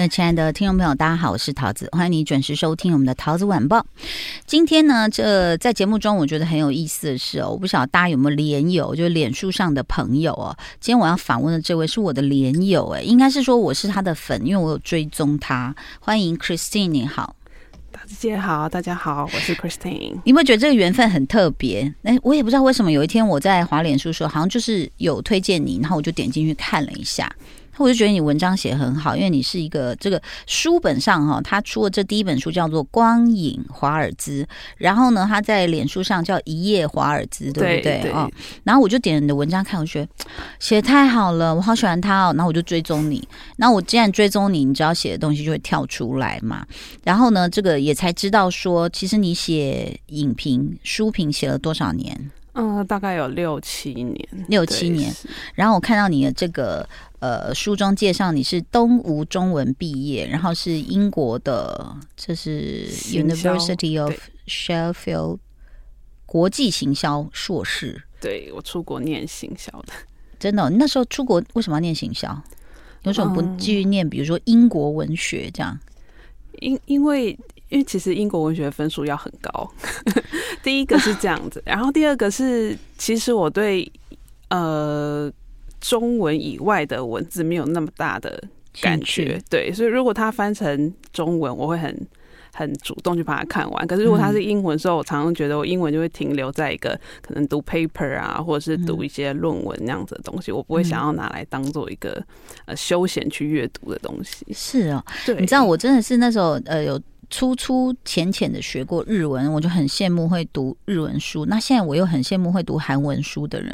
那親愛的聽眾朋友，大家好，我是陶子，歡迎你準時收聽我們的陶子晚報。今天呢，這在節目中我覺得很有意思的是哦，我不曉得大家有沒有臉友，就是臉書上的朋友哦，今天我要訪問的這位是我的臉友，哎，應該是說我是他的粉，因為我有追蹤他。歡迎 Kristin，你好。陶子姐好，大家好，我是 Kristin。你有沒有覺得這個緣分很特別？哎，我也不知道為什麼，有一天我在滑臉書時，好像就是有推薦你，然後我就點進去看了一下。我就覺得你文章寫得很好，因為你是一個這個書本上哈、哦，他出了這第一本書叫做《光影華爾滋》，然後呢，他在臉書上叫《一頁華爾滋》，對不對啊、哦？然後我就點你的文章看，我覺得寫得太好了，我好喜歡他。哦，然後我就追蹤你，然後我既然追蹤你，你知道寫的東西就會跳出來嘛。然後呢，這個也才知道說，其實你寫影評、書評寫了多少年。嗯，大概有六七年，六七年。然後我看到你的這個呃，書中介紹你是東吳中文畢業，然後是英國的，這是 University of Sheffield 國際行銷碩士。對我出國念行銷的，真的、哦、那時候出國為什麼要念行銷？有什麼不繼續念、嗯？比如說英國文學這樣？因因為。因為其實英國文學分數要很高，呵呵，第一個是這樣子，然後第二個是，其實我對呃中文以外的文字沒有那麼大的感覺，對，所以如果它翻成中文，我會很很主動去把它看完。可是如果它是英文的時候，嗯、我常常覺得我英文就會停留在一個可能讀 paper 啊，或者是讀一些論文那樣子的東西，我不會想要拿來當做一個呃休閒去閱讀的東西。是啊、哦，對，你知道我真的是那時候呃有。初初淺淺的學過日文，我就很羨慕會讀日文書。那現在我又很羨慕會讀韓文書的人，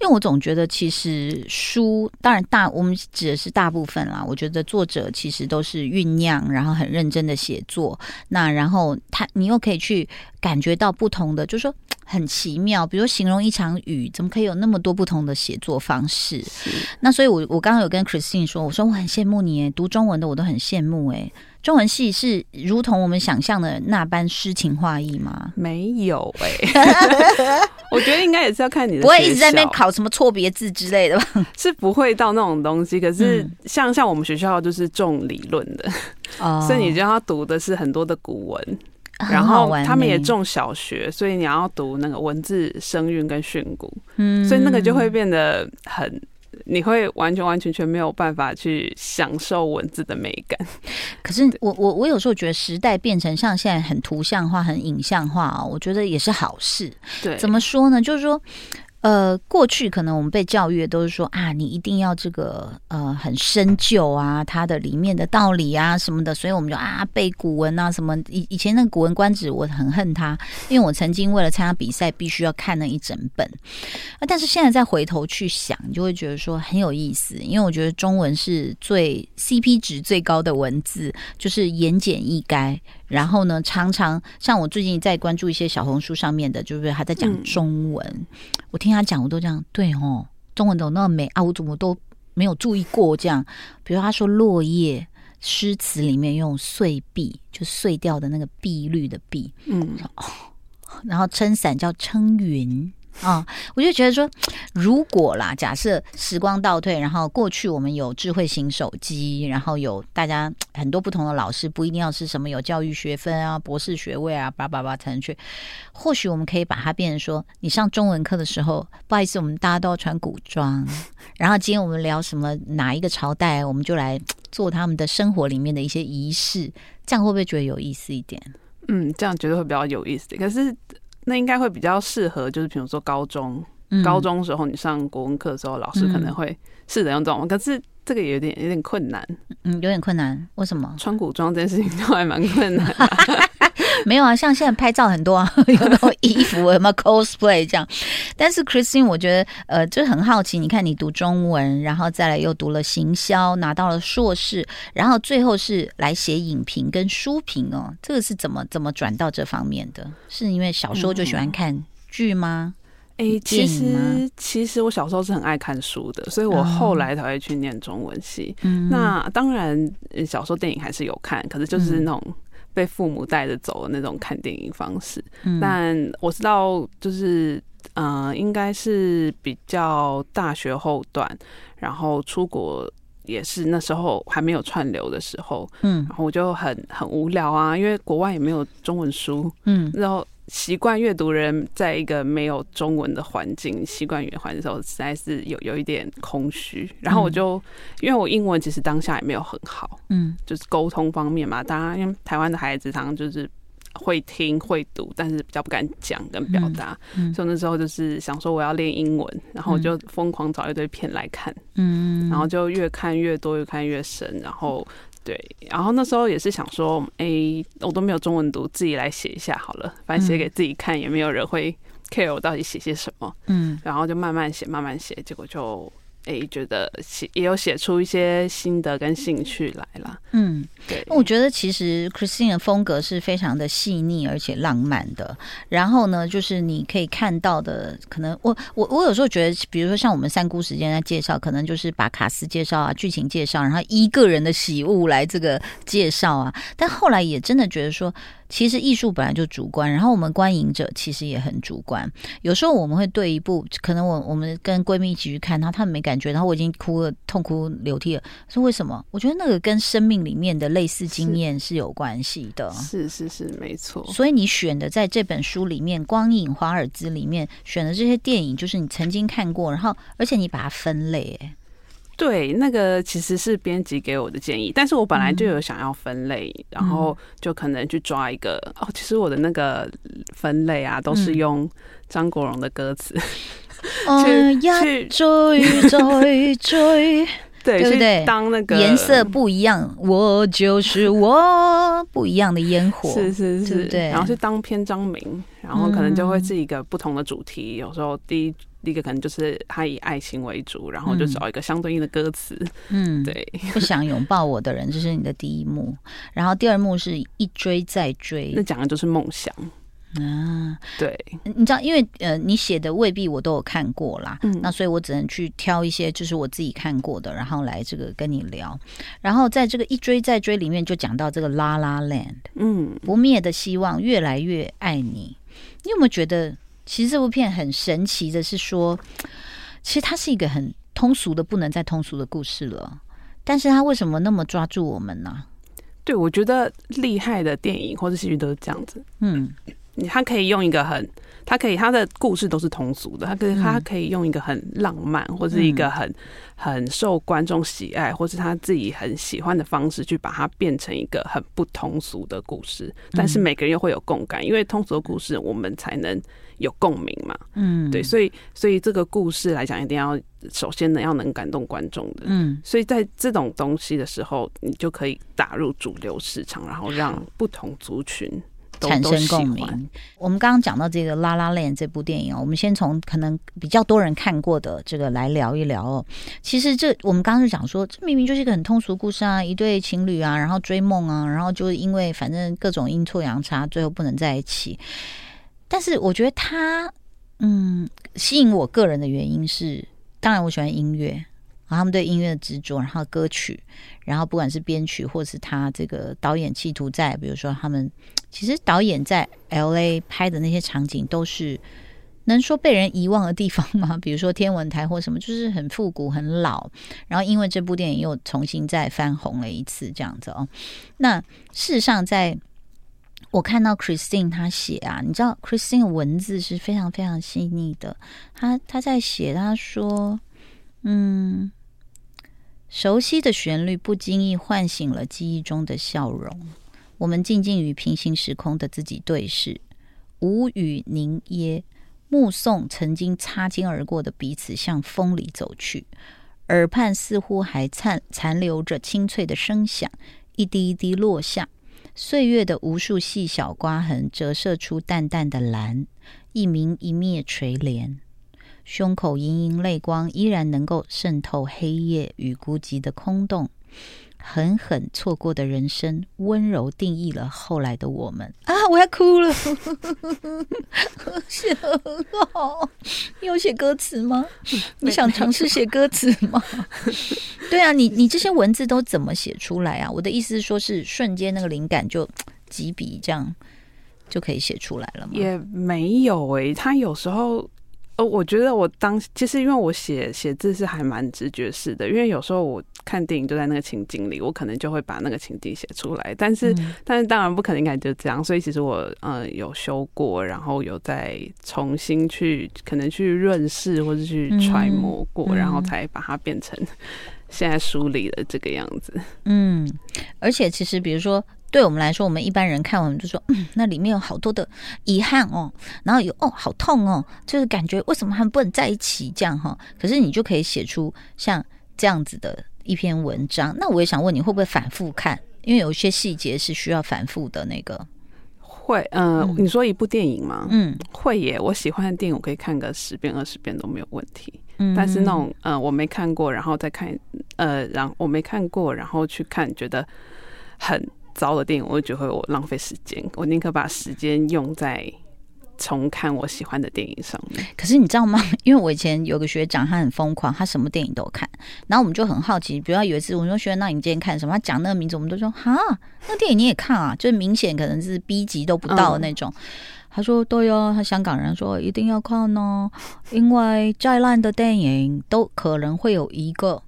因為我總覺得其實書當然大，我們指的是大部分啦。我覺得作者其實都是醞釀，然後很認真的寫作。那然後他，你又可以去感覺到不同的，就是說，很奇妙。比如形容一場雨，怎麼可以有那麼多不同的寫作方式？那所以我，我我剛剛有跟 Kristin 說，我說我很羨慕你誒，讀中文的我都很羨慕誒。中文系是如同我們想象的那般詩情畫意嗎？沒有哎、欸 ， 我覺得應該也是要看你的。不會一直在那邊考什麼錯別字之類的吧？是不會到那種東西。可是像像我們學校就是重理論的，嗯、所以你就要讀的是很多的古文，哦、然後他們也重小學，欸、所以你要讀那個文字聲韻跟訓詁，嗯嗯，所以那個就會變得很。你會完全完全全沒有辦法去享受文字的美感，可是我我我有時候覺得時代變成像現在很圖像化、很影像化啊，我覺得也是好事。對，怎麼說呢？就是說。呃，過去可能我們被教育的都是說啊，你一定要這個呃很深究啊，它的裡面的道理啊什麼的，所以我們就啊背古文啊什麼。以以前那個《古文觀止》，我很恨它，因為我曾經為了參加比賽，必須要看那一整本。啊，但是現在再回頭去想，你就會覺得說很有意思，因為我覺得中文是最 CP 值最高的文字，就是言簡意賅。然後呢，常常像我最近在關注一些小紅書上面的，就是還在講中文、嗯。我聽他講，我都這樣，對哦，中文都那麼美啊，我怎麼都沒有注意過這樣。比如他說落葉，詩詞裡面用碎碧，就碎掉的那個碧綠的碧，嗯、哦，然後撐傘叫撐雲。啊、哦，我就覺得說，如果啦，假設時光倒退，然後過去我們有智慧型手機，然後有大家很多不同的老師，不一定要是什麼有教育學分啊、博士學位啊，叭叭叭才能去。或許我們可以把它變成說，你上中文課的時候，不好意思，我們大家都要穿古裝。然後今天我們聊什麼哪一個朝代，我們就來做他們的生活裡面的一些儀式，這樣會不會覺得有意思一點？嗯，這樣覺得會比較有意思。可是。那應該會比較適合，就是譬如說高中，嗯，高中時候你上國文課的時候，老師可能會試着用這種，可是這個也有點有點困難，嗯，有點困難，為什麼？穿古裝這件事情都還蠻困難。 沒有啊，像現在拍照很多啊，有沒有衣服，有沒有 cosplay 這樣。但是 Kristin，我覺得呃，就是很好奇，你看你讀中文，然後再來又讀了行銷，拿到了碩士，然後最後是來寫影評跟書評哦，這個是怎麼怎麼轉到這方面的？是因為小時候就喜歡看劇嗎？哎、嗯，其實其實我小時候是很愛看書的，所以我後來才會去念中文系、嗯。那當然，小說電影還是有看，可是就是那種。被父母帶着走的那種看電影方式，嗯、但我知道就是，嗯、呃，應該是比較大學後段，然後出國也是那時候還沒有串流的時候，嗯，然後我就很很無聊啊，因為國外也沒有中文書，嗯，然後。習慣閱讀人在一個沒有中文的環境，習慣語言環境的時候，實在是有有一點空虛。然後我就、嗯，因為我英文其實當下也沒有很好，嗯，就是溝通方面嘛。大家因為台灣的孩子常常就是會聽會讀，但是比較不敢講跟表達、嗯嗯，所以那時候就是想說我要練英文，然後我就瘋狂找一堆片來看，嗯，然後就越看越多，越看越深，然後。對，然後那時候也是想說，哎，我都沒有中文讀，自己來寫一下好了，反正寫給自己看，嗯，也沒有人會 care 我到底寫些什麼，嗯，然後就慢慢寫，慢慢寫，結果就。哎、欸，覺得寫也有寫出一些心得跟興趣來了。嗯，對，我覺得其實 Christine 的風格是非常的細膩而且浪漫的。然後呢，就是你可以看到的，可能我我我有時候覺得，比如說像我們三姑時間在介紹，可能就是把卡司介紹啊，劇情介紹，然後依個人的喜惡來這個介紹啊。但後來也真的覺得說。其實藝術本來就主觀，然後我們觀影者其實也很主觀。有時候我們會對一部，可能我我們跟閨蜜一起去看，她她沒感覺，然後我已經哭了，痛哭流涕了，是為什麼？我覺得那個跟生命裡面的類似經驗是有關係的是。是是是，沒錯。所以你選的在這本書裡面，《光影華爾滋》裡面選的這些電影，就是你曾經看過，然後而且你把它分類、欸。對，那個其實是編輯給我的建議，但是我本來就有想要分類、嗯，然後就可能去抓一個。哦，其實我的那個分類啊，都是用張國榮的歌詞。嗯，追，追，追。 對，就是當那個顏色不一樣，我就是我不一樣的煙火，是是是，對，對。然後是當篇章名，然後可能就會是一個不同的主題。嗯、有時候第一第一個可能就是他以愛情為主，然後就找一個相對應的歌詞。嗯，對，不想擁抱我的人，這、就是你的第一幕， 然後第二幕是一追再追，那講的就是夢想。啊，對、嗯，你知道，因為呃，你寫的未必我都有看過啦，嗯，那所以我只能去挑一些就是我自己看過的，然後來這個跟你聊。然後在這個一追再追裡面，就講到這個《La La Land》，嗯，不滅的希望，越來越愛你。你有沒有覺得，其實這部片很神奇的是說，其實它是一個很通俗的不能再通俗的故事了，但是它為什麼那麼抓住我們呢、啊？對我覺得厲害的電影或者戲劇都是這樣子，嗯。他可以用一個很，他可以他的故事都是通俗的，他可以他可以用一個很浪漫，或是一個很很受觀眾喜愛，或是他自己很喜歡的方式去把它變成一個很不通俗的故事，但是每個人又會有共感，因為通俗的故事我們才能有共鳴嘛，嗯，對，所以所以這個故事來講，一定要首先呢要能感動觀眾的，嗯，所以在這種東西的時候，你就可以打入主流市場，然後讓不同族群，產生共鳴。我們剛剛講到這個《La La Land》這部電影哦，我們先從可能比較多人看過的這個來聊一聊哦。其實這我們剛剛是講說，這明明就是一個很通俗故事啊，一對情侶啊，然後追夢啊，然後就是因為反正各種陰錯陽差，最後不能在一起。但是我覺得他嗯，吸引我個人的原因是，當然我喜歡音樂。他們對音樂的執着，然後歌曲，然後不管是編曲，或是他這個導演企圖在，比如說他們其實導演在 LA 拍的那些場景，都是能說被人遺忘的地方嗎？比如說天文台或什麼，就是很復古、很老。然後因為這部電影又重新再翻紅了一次，這樣子哦。那事實上在，在我看到 Kristin 她寫啊，你知道 Kristin 的文字是非常非常細膩的。她她在寫，她說，嗯。熟悉的旋律不經意喚醒了記憶中的笑容，我們靜靜與平行時空的自己對視，無語凝噎，目送曾經擦肩而過的彼此向風裡走去，耳畔似乎還殘殘留着清脆的聲響，一滴一滴落下，歲月的無數細小刮痕折射出淡淡的藍，一明一滅垂憐。胸口盈盈淚光，依然能夠滲透黑夜與孤寂的空洞。狠狠錯過的人生，溫柔定義了後來的我們。啊！我要哭了。寫得 很好，你有寫歌詞嗎？你想嘗試寫歌詞嗎？ 對啊，你你這些文字都怎麼寫出來啊？我的意思是說，是瞬間那個靈感就幾筆這樣就可以寫出來了嗎？也沒有誒、欸，他有時候。呃、哦，我覺得我當其實因為我寫寫字是還蠻直覺式的，因為有時候我看電影就在那個情景裡，我可能就會把那個情景寫出來。但是，嗯，但是當然不可能感覺這樣，所以其實我嗯有修過，然後有再重新去可能去潤飾或者去揣摩過，嗯嗯，然後才把它變成現在梳理的這個樣子。嗯，而且其實比如說。對我們來說，我們一般人看，我們就說、嗯，那裡面有好多的遺憾哦，然後有哦，好痛哦，就是感覺為什麼他們不能在一起這樣哈、哦？可是你就可以寫出像這樣子的一篇文章。那我也想問，你會不會反覆看？因為有些細節是需要反覆的那個。會，呃、嗯，你說一部電影嗎？嗯，會耶。我喜歡的電影，我可以看個十遍、二十遍都沒有問題。嗯、但是那種，嗯、呃，我沒看過，然後再看，呃，然我沒看過，然後去看，覺得很。糟的電影，我就覺得我浪費時間，我寧可把時間用在重看我喜歡的電影上面。可是你知道嗎？因為我以前有個學長，他很瘋狂，他什麼電影都有看。然後我們就很好奇，比如有一次，我說：“學長，那你今天看什麼？”他講那個名字，我們都說：“哈，那電影你也看啊？”就明顯可能是 B 級都不到的那種。嗯、他說：“對哦、啊，他香港人說一定要看哦、啊，因為再爛的電影都可能會有一個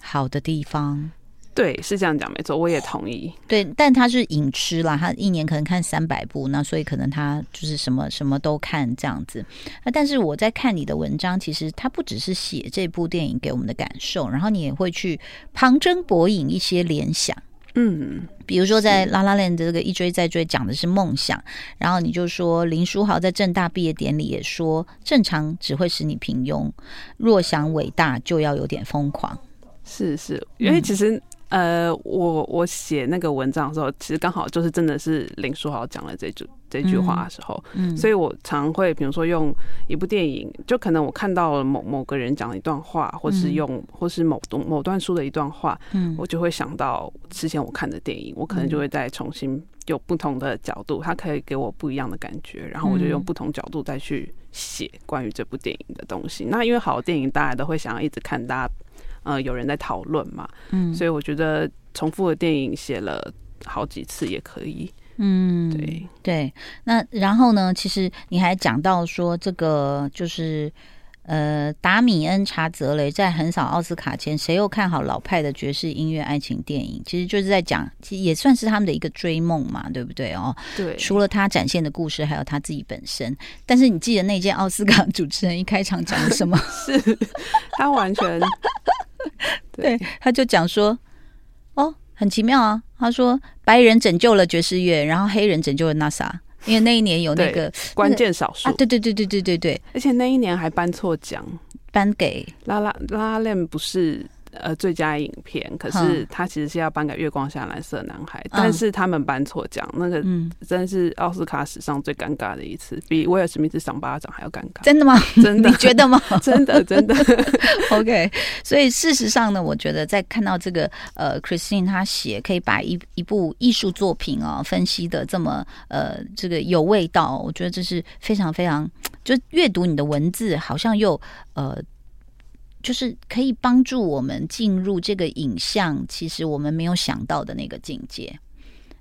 好的地方。”對，是這樣講沒錯，我也同意。對，但他是影痴啦，他一年可能看三百部，那所以可能他就是什麼什麼都看這樣子。那但是我在看你的文章，其實他不只是寫這部電影給我們的感受，然後你也會去旁徵博引一些聯想。嗯，比如說在《La La Land》這個一追再追講的是夢想是，然後你就說林書豪在政大畢業典禮也說，正常只會使你平庸，若想偉大就要有點瘋狂。是是，因為其實、嗯。呃，我我寫那個文章的時候，其實剛好就是真的是林書豪講了這句這句話的時候，嗯嗯、所以，我常會比如說用一部電影，就可能我看到了某某個人講了一段話，或是用、嗯、或是某段某段書的一段話，嗯，我就會想到之前我看的電影，我可能就會再重新有不同的角度，它可以給我不一樣的感覺，然後我就用不同角度再去。寫關於這部電影的東西，那因為好的電影大家都會想要一直看，大家，呃，有人在討論嘛，嗯，所以我覺得重複的電影寫了好幾次也可以，嗯，對對，那然後呢，其實你還講到說這個就是。呃，達米恩·查澤雷在橫掃奧斯卡前，誰又看好老派的爵士音樂愛情電影？其實就是在講，其實也算是他們的一個追夢嘛，對不對哦？對。除了他展現的故事，還有他自己本身。但是你記得那屆奧斯卡主持人一開場講什麼 是？他完全 對，他就講說：“哦，很奇妙啊！”他說：“白人拯救了爵士樂，然後黑人拯救了 NASA。” 因為那一年有那個關鍵少數、那個、啊，對對對對對對對，而且那一年還頒錯獎，頒給 La La La La Land，不是。呃，最佳影片，可是他其實是要頒給《月光下藍色男孩》嗯，但是他們頒錯獎，那個真是奧斯卡史上最尷尬的一次，嗯、比威爾史密斯賞巴掌還要尷尬。真的嗎？真的？你覺得嗎？真的真的。 OK，所以事實上呢，我覺得在看到這個呃，Christine 她寫可以把一一部藝術作品啊、哦、分析得這麼呃這個有味道，我覺得這是非常非常，就閱讀你的文字好像又呃。就是可以幫助我們進入這個影像，其實我們沒有想到的那個境界。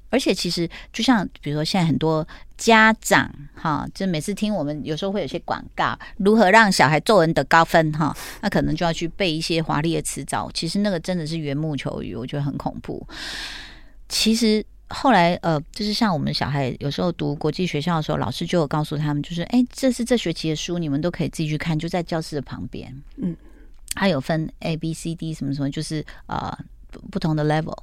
而且，其實就像比如說，現在很多家長哈，就每次聽我們有時候會有些廣告如何讓小孩作文得高分哈，那可能就要去背一些華麗的詞藻。其實那個真的是緣木求魚，我覺得很恐怖。其實後來呃，就是像我們小孩有時候讀國際學校的時候，老師就有告訴他們，就是哎、欸，這是這學期的書，你們都可以自己去看，就在教室的旁邊，嗯。它有分 A、B、C、D 什麼什麼，就是呃不，不同的 level，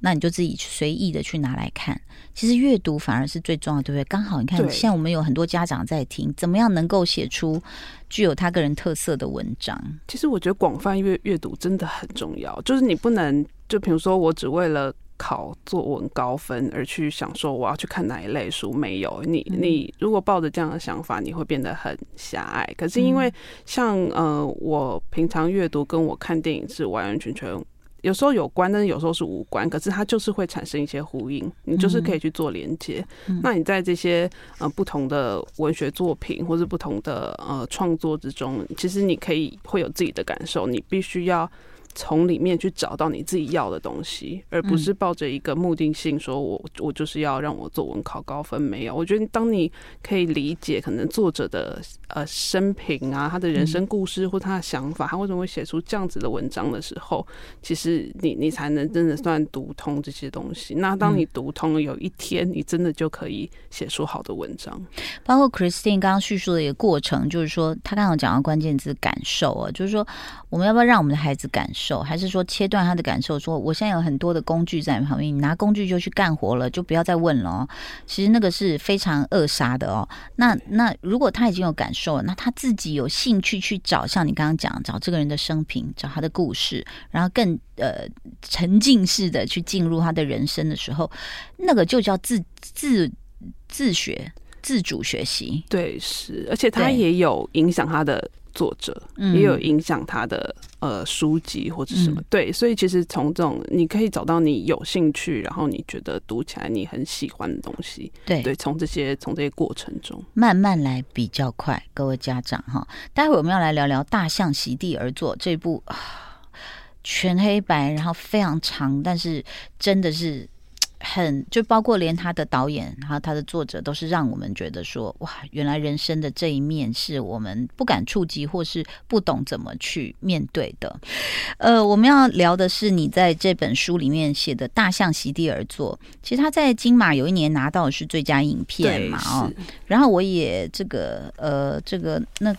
那你就自己隨意的去拿來看。其實閱讀反而是最重要的，對不對？剛好你看，現在我們有很多家長在聽，怎麼樣能夠寫出具有他個人特色的文章？其實我覺得廣泛閱閱讀真的很重要，就是你不能就比如說我只為了。考作文高分而去想說我要去看哪一類書，沒有你。你如果抱着這樣的想法，你會變得很狹隘。可是因為像呃，我平常閱讀跟我看電影是完完全全有時候有關，但是有時候是無關。可是它就是會產生一些呼應，你就是可以去做連接。那你在這些呃不同的文學作品或是不同的呃創作之中，其實你可以會有自己的感受。你必須要。從裡面去找到你自己要的東西，而不是抱着一個目的性，說我、嗯、我就是要讓我作文考高分。沒有，我覺得當你可以理解可能作者的呃生平啊，他的人生故事或他的想法，他、嗯、為什麼會寫出這樣子的文章的時候，其實你你才能真的算讀通這些東西。那當你讀通了，有一天你真的就可以寫出好的文章。包括 Christine 剛剛敘述的一個過程，就是說他剛剛講到關鍵字感受啊，就是說我們要不要讓我們的孩子感受手，還是說切斷他的感受？說我現在有很多的工具在你旁邊，你拿工具就去幹活了，就不要再問了哦。其實那個是非常扼殺的哦。那那如果他已經有感受了，那他自己有興趣去找，像你剛剛講找這個人的生平，找他的故事，然後更呃沉浸式的去進入他的人生的時候，那個就叫自自自學。自主學習，對，是，而且他也有影響他的作者，也有影響他的、嗯、呃書籍或者什麼，嗯、對，所以其實從這種你可以找到你有興趣，然後你覺得讀起來你很喜歡的東西，對，對，從這些從這些過程中慢慢來比較快。各位家長哈，待會我們要來聊聊《大象席地而坐》這一部全黑白，然後非常長，但是真的是。很，就包括連他的導演，然後他的作者都是讓我們覺得說哇，原來人生的這一面是我們不敢觸及或是不懂怎麼去面對的。呃，我們要聊的是你在這本書裡面寫的《大象席地而坐》，其實他在金馬有一年拿到的是最佳影片嘛哦。然後我也這個呃這個那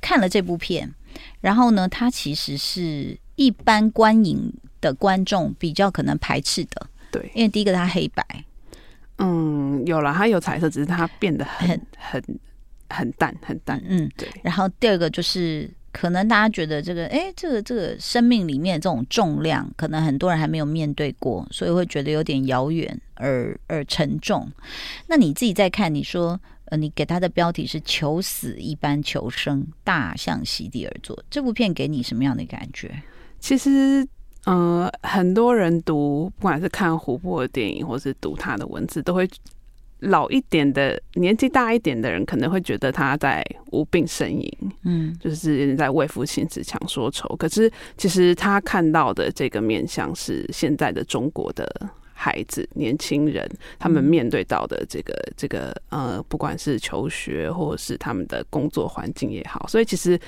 看了這部片，然後呢，他其實是一般觀影的觀眾比較可能排斥的。對，因為第一個它黑白，嗯，有了它有彩色，只是它變得很很很淡，很淡，嗯，對。然後第二個就是，可能大家覺得這個，哎，這個這個生命裡面這種重量，可能很多人還沒有面對過，所以會覺得有點遙遠而而沉重。那你自己在看，你說，呃，你給他的標題是“求死一般求生，大象席地而坐”，這部片給你什麼樣的感覺？其實。嗯、呃，很多人讀，不管是看胡波的電影，或是讀他的文字，都會老一點的年紀大一點的人可能會覺得他在無病呻吟，嗯，就是在為賦新詞強說愁。可是其實他看到的這個面向是現在的中國的孩子、年輕人，他們面對到的這個這個呃，不管是求學或是他們的工作環境也好，所以其實，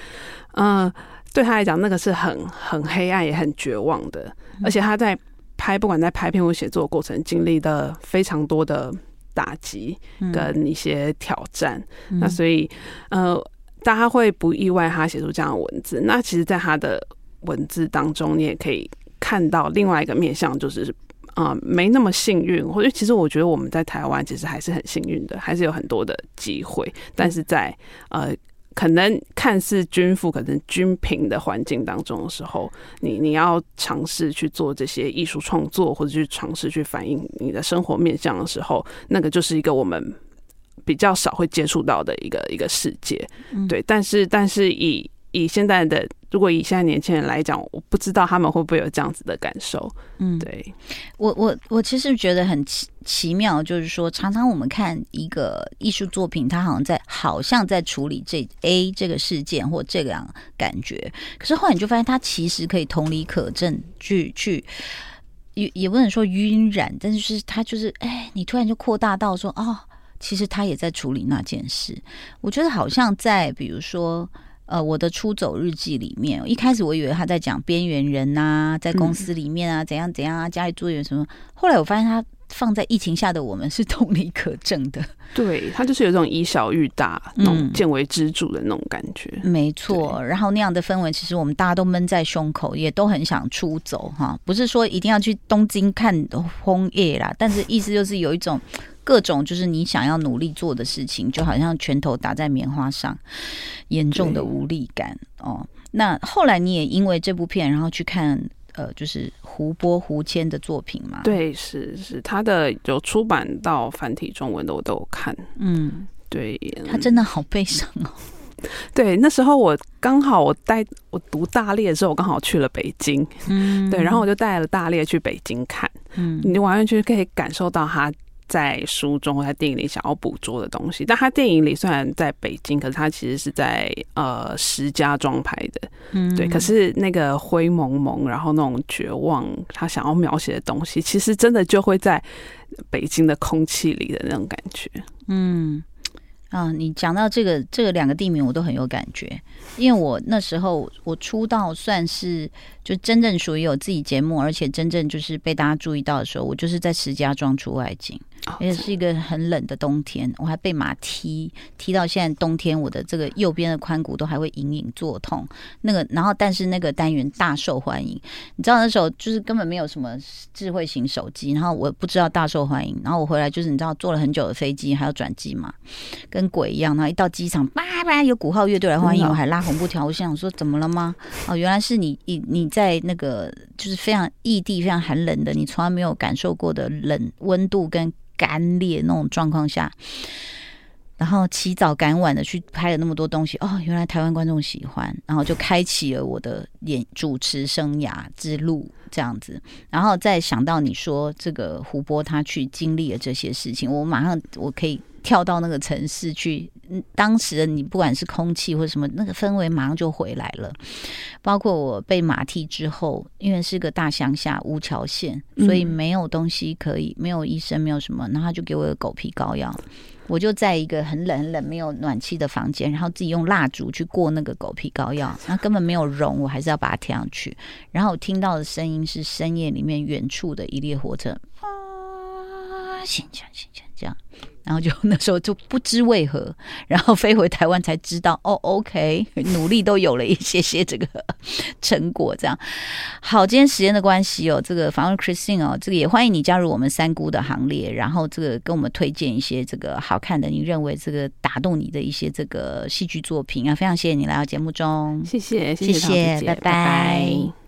嗯、呃。對他來講，那個是很很黑暗也很絕望的，而且他在拍，不管在拍片或寫作過程，經歷的非常多的打擊跟一些挑戰、嗯。那所以，呃，大家會不意外他寫出這樣的文字。那其實，在他的文字當中，你也可以看到另外一個面向，就是啊、呃，沒那麼幸運。或者，其實我覺得我們在台灣其實還是很幸運的，還是有很多的機會。但是在呃。可能看似均富、可能均貧的環境當中的時候，你你要嘗試去做這些藝術創作，或者去嘗試去反映你的生活面向的時候，那個就是一個我們比較少會接觸到的一個一個世界，對。但是，但是以以現在的，如果以現在年輕人來講，我不知道他們會不會有這樣子的感受。嗯，對我，我，我其實覺得很奇奇妙，就是說，常常我們看一個藝術作品，他好像在，好像在處理這 A 這個事件或這樣感覺，可是後來你就發現，他其實可以同理可證，去去也也不能說暈染，但是他就是，哎、欸，你突然就擴大到說，哦，其實他也在處理那件事。我覺得好像在，比如說。呃，我的出走日記裡面，一開始我以為他在講邊緣人吶、啊，在公司裡面啊、嗯，怎樣怎樣啊，家裡住業什麼。後來我發現他放在疫情下的我們是同理可證的。對，他就是有一種以小喻大，嗯，見微知著的那種感覺。嗯、沒錯，然後那樣的氛圍，其實我們大家都悶在胸口，也都很想出走哈，不是說一定要去東京看楓葉啦，但是意思就是有一種。 各種就是你想要努力做的事情，就好像拳頭打在棉花上，嚴重的無力感哦。那後來你也因為這部片，然後去看呃，就是胡波胡遷的作品嗎？對，是是，他的有出版到繁體中文的，我都有看。嗯，對，嗯、他真的好悲傷哦、嗯。對，那時候我剛好我帶我讀大裂的時候，我剛好去了北京。嗯，對，然後我就帶了大裂去北京看。嗯，你就完全可以感受到他。在書中或在電影裡想要捕捉的東西，但他電影裡雖然在北京，可是他其實是在呃石家莊拍的。嗯，對，可是那個灰蒙蒙，然後那種絕望，他想要描寫的東西，其實真的就會在北京的空氣裡的那種感覺。嗯，啊，你講到這個這個兩個地名，我都很有感覺，因為我那時候我出道算是就真正屬於有自己節目，而且真正就是被大家注意到的時候，我就是在石家莊出外景。Okay. 也是一個很冷的冬天，我還被馬踢踢到現在，冬天我的這個右邊的髖骨都還會隱隱作痛。那個，然後但是那個單元大受歡迎，你知道那時候就是根本沒有什麼智慧型手機，然後我不知道大受歡迎，然後我回來就是你知道坐了很久的飛機，還有轉機嘛，跟鬼一樣。然後一到機場，叭叭有鼓號樂隊來歡迎，我還拉紅布條。我想說怎麼了嗎？哦，原來是你你你在那個就是非常異地、非常寒冷的，你從來沒有感受過的冷溫度跟。乾裂那種狀況下，然後起早趕晚的去拍了那麼多東西，哦，原來台灣觀眾喜歡，然後就開啟了我的演主持生涯之路，這樣子。然後再想到你說這個胡波他去經歷了這些事情，我馬上我可以。跳到那個城市去，嗯，當時的你不管是空氣或者什麼，那個氛圍馬上就回來了。包括我被馬踢之後，因為是個大鄉下烏橋縣，所以沒有東西可以，沒有醫生，沒有什麼，然後他就給我一個狗皮膏藥。我就在一個很冷冷，冷沒有暖氣的房間，然後自己用蠟燭去過那個狗皮膏藥，它根本沒有融。我還是要把它貼上去。然後我聽到的聲音是深夜裡面遠處的一列火車，啊，行行行這樣然後就那時候就不知為何，然後飛回台灣才知道哦，OK，努力都有了一些些這個成果，這樣好。今天時間的關係哦，這個反而 Kristin 哦，這個也歡迎你加入我們三姑的行列，然後這個跟我們推薦一些這個好看的，你認為這個打動你的一些這個戲劇作品啊，非常謝謝你來到節目中，謝謝謝謝，謝謝，拜拜。拜拜。